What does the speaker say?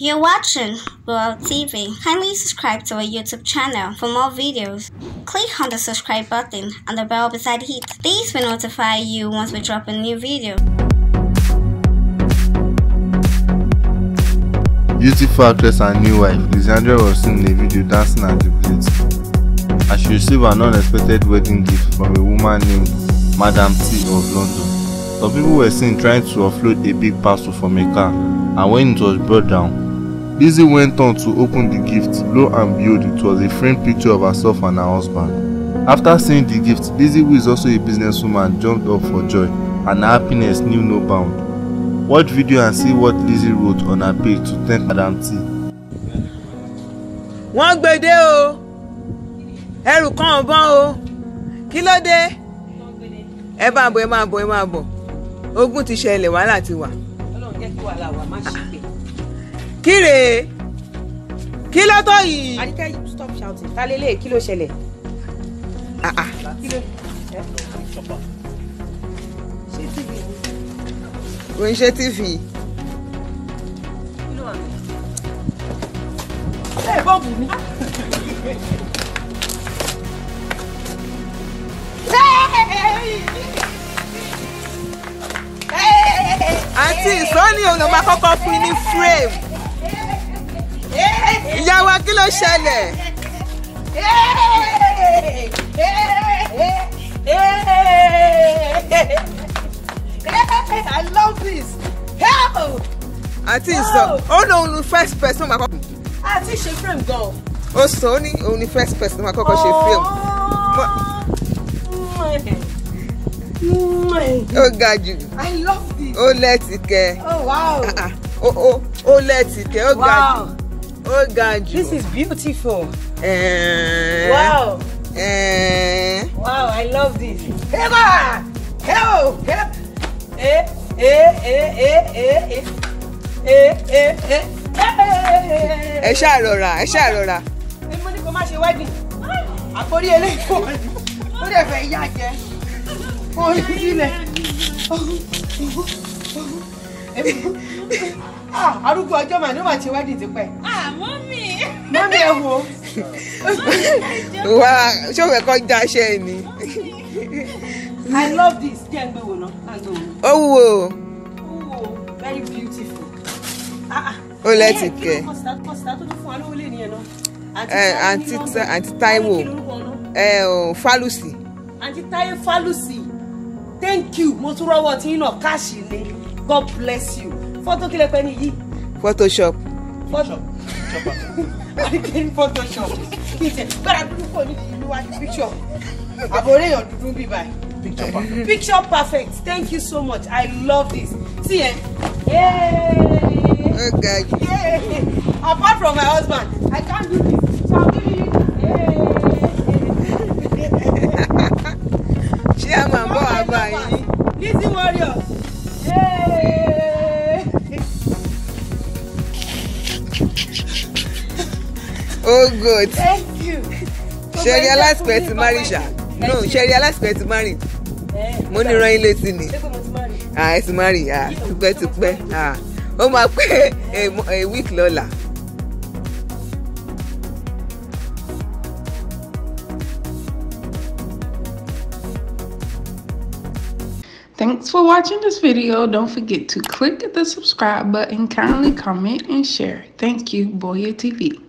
You're watching World TV. Kindly subscribe to our YouTube channel for more videos. Click on the subscribe button and the bell beside it. This will notify you once we drop a new video. Beautiful actress and new wife, Lisandra was seen in a video dancing at the plate And she received an unexpected wedding gift from a woman named Madame T of London. Some people were seen trying to offload a big parcel from a car and when it was brought down, Lizzie went on to open the gift. Lo and behold, it was a framed picture of herself and her husband. After seeing the gift, Lizzie, who is also a businesswoman, jumped up for joy, and her happiness knew no bound. Watch video and see what Lizzie wrote on her page to thank Madam T. Wọ́n gbèdé o, ẹrù kan ọ̀bọ̀n o, kí ló dé? Ẹ máa bọ̀, ẹ máa bọ̀, ẹ máa bọ̀, ogun ti ṣẹlẹ̀ wàhálà ti wà. Ọlọ́run jẹ́ kí wàhálà wà má ṣe pé kí rèé kí ló tó yìí. àdìkẹ́ you stop shouting ta lélẹ̀ kí ló ṣẹlẹ̀. Ah, ah. Eh? kò ń ṣe tv. ẹ bọ́ọ̀bù mi. àǹtí sọ́ni òun ló máa kọ́kọ́ fún ní frame kí ló ṣẹlẹ̀. I love this. Help! Àti ìsọ̀, ó ní òun ni first person máa kọ́kọ́. Àti ṣe frame gan. Ó sọ, ó ní òun ni first person máa kọ́kọ́ ṣe frame. Oh, ó ga jù. I love this. Ó lẹ́tìkẹ́. Oh wow. Ah, ah. Ó lẹ́tìkẹ́, ó ga jù. Wow. Oh God! this is beautiful. Uh, wow. Uh, wow i love this. heba heo hep. e e e e e e e e. ẹ ṣáà rọra ẹ ṣáà rọra. mo ní kó má ṣe wedding àkórí eléyìí kò ó dẹ̀ fẹ́ yá jẹ fún orí sílẹ̀. Ah, arúgbó ọjọ́ màá ní wàá ṣe wẹ́dì tipẹ́. Ah, mọ́mí. mọ́mí ẹ wo. wá ṣòwò ẹ̀kọ́ já ṣe é ni. i love this jẹ́ ń gbé wò náà. ó wúwo. ó wúwo very beautiful. Ah, ó lẹ́tì eh, kẹ́. àǹtí Táíwò Fálùsì. àǹtí Táíwò Fálùsì thank you mo tún rọwọ́ tí yín náà káàṣì ni. God bless you fọ́tò kílẹ̀ pẹ́ nìyí. photoshop. photoshop. àdìgẹ́ ní photoshop kí n tẹ̀ gbọ́dọ̀ dúdú kò ní ìlú wa picture àbòrè èèyàn dúdú bí báyìí. picture perfect. picture perfect thank you so much I love this see eh? Yay! Oh God. Yay. Apart from my husband, I can't do this. So I'm giving you this. Yay. Chairman, boy, bye. warriors. Yay. Oh good. Thank you. Sherry, ẹ last pé ẹ marry ṣá? No, ṣé ẹ realize pé ẹ Money marry? Eh, mo ní ran yín létí in it. Ah, it's ni ah, to marry. to tipẹ́. ah. Oh my, a week lọ́la. Thanks for watching this video. Don't forget to click the subscribe button, kindly comment, and share. Thank you, Boya TV.